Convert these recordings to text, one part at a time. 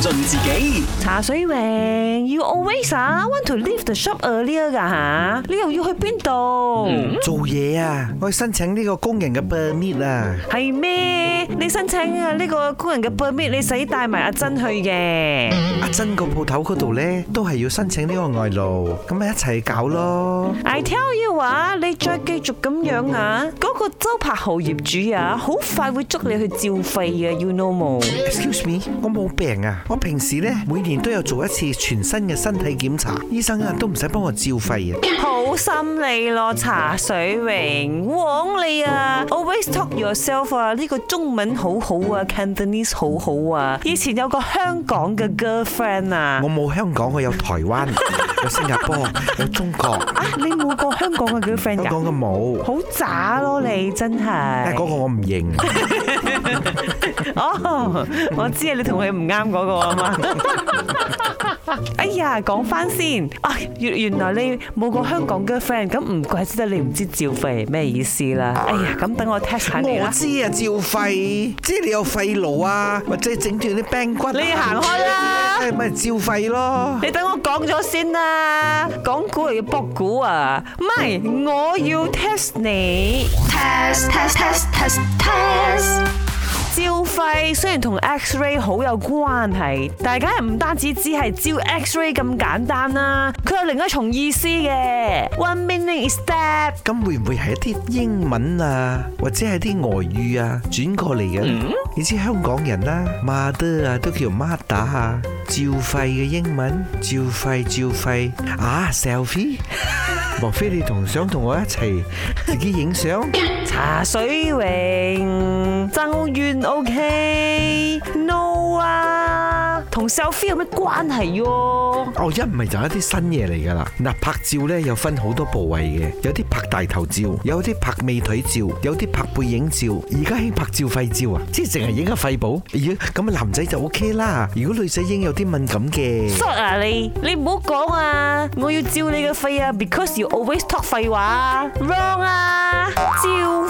盡自己。茶水榮，You always want to leave the shop earlier 噶吓，你又要去邊度？做嘢啊，我去申請呢個工人嘅 permit 啊。係咩？你申請啊呢個工人嘅 permit，你使帶埋阿珍去嘅。阿珍個鋪頭嗰度咧，都係要申請呢個外勞，咁咪一齊搞咯。I tell you 話，你再繼續咁樣啊，嗰個周柏豪業主啊，好快會捉你去照肺啊。You know 冇？Excuse me，我冇病啊。我平時咧每年都有做一次全身嘅身體檢查，醫生啊都唔使幫我照肺啊。好心你咯，茶水榮，枉你啊，always talk yourself 啊，呢個中文好好啊，Cantonese 好好啊。以前有個香港嘅 girlfriend 啊，我冇香港，我有台灣，有新加坡，有中國。你冇過香港嘅 girlfriend 㗎？香港嘅冇。好渣咯，你真係。誒，嗰個我唔認。哦，我、oh, right? 哎、知啊，你同佢唔啱嗰個啊嘛。哎呀，講翻先啊，原原來你冇個香港嘅 friend，咁唔怪之得你唔知照肺咩意思啦。哎呀，咁等我 test 下你啦。我知啊，照肺，即係你有肺癆啊，或者整斷啲病骨。你行開啦著，咪照肺咯？你等我講咗先啦，講古又要駁古啊，唔係我要 test 你。Test test test test test。照肺雖然同 X ray 好有關係，但梗係唔單止只係照 X ray 咁簡單啦，佢有另一重意思嘅。What meaning is that？咁會唔會係一啲英文啊，或者係啲外語啊轉過嚟嘅？你知香港人啦，mother 啊都叫 mother 啊，照肺嘅英文照肺照肺啊，selfie？莫非你同想同我一齊自己影相？茶水泳。O K，No 啊，同 Okay ?、no. Sophie 有咩關係喲？哦，oh, 一唔係就係一啲新嘢嚟噶啦。嗱，拍照咧又分好多部位嘅，有啲拍大頭照，有啲拍美腿照，有啲拍背影照。而家興拍照肺照啊，即係淨係影個肺部。咦、哎，咁啊男仔就 O K 啦，如果女仔影有啲敏感嘅。Shut 啊你，你唔好講啊！我要照你個肺啊，because you always talk 廢話 wrong 啊，照。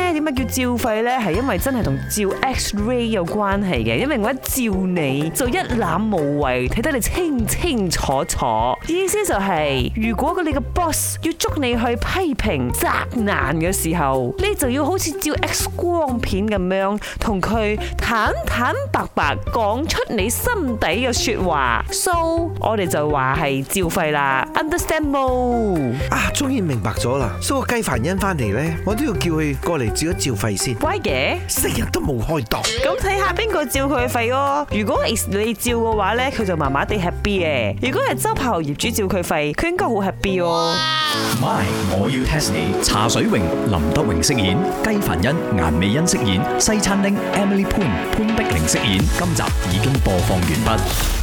乜叫照肺呢？係因為真係同照 X-ray 有關係嘅，因為我一照你就一覽無遺，睇得你清清楚楚。意思就係、是，如果你個 boss 要捉你去批評責難嘅時候，你就要好似照 X 光片咁樣，同佢坦坦白白講出你心底嘅說話。So，我哋就話係照肺啦。Understand 冇？啊，終於明白咗啦！So，個雞煩因翻嚟呢，我都要叫佢過嚟照。照肺先，乖嘅？成日都冇開檔，咁睇下邊個照佢肺咯？如果係你照嘅話咧，佢就麻麻地 happy 嘅；如果係周柏豪、業主照佢肺，佢應該好 happy 哦。My，我要 test 你。茶水榮、林德榮飾演，雞凡欣、顏美恩飾演，西餐廳 Emily Poon，潘碧玲飾演。今集已經播放完畢。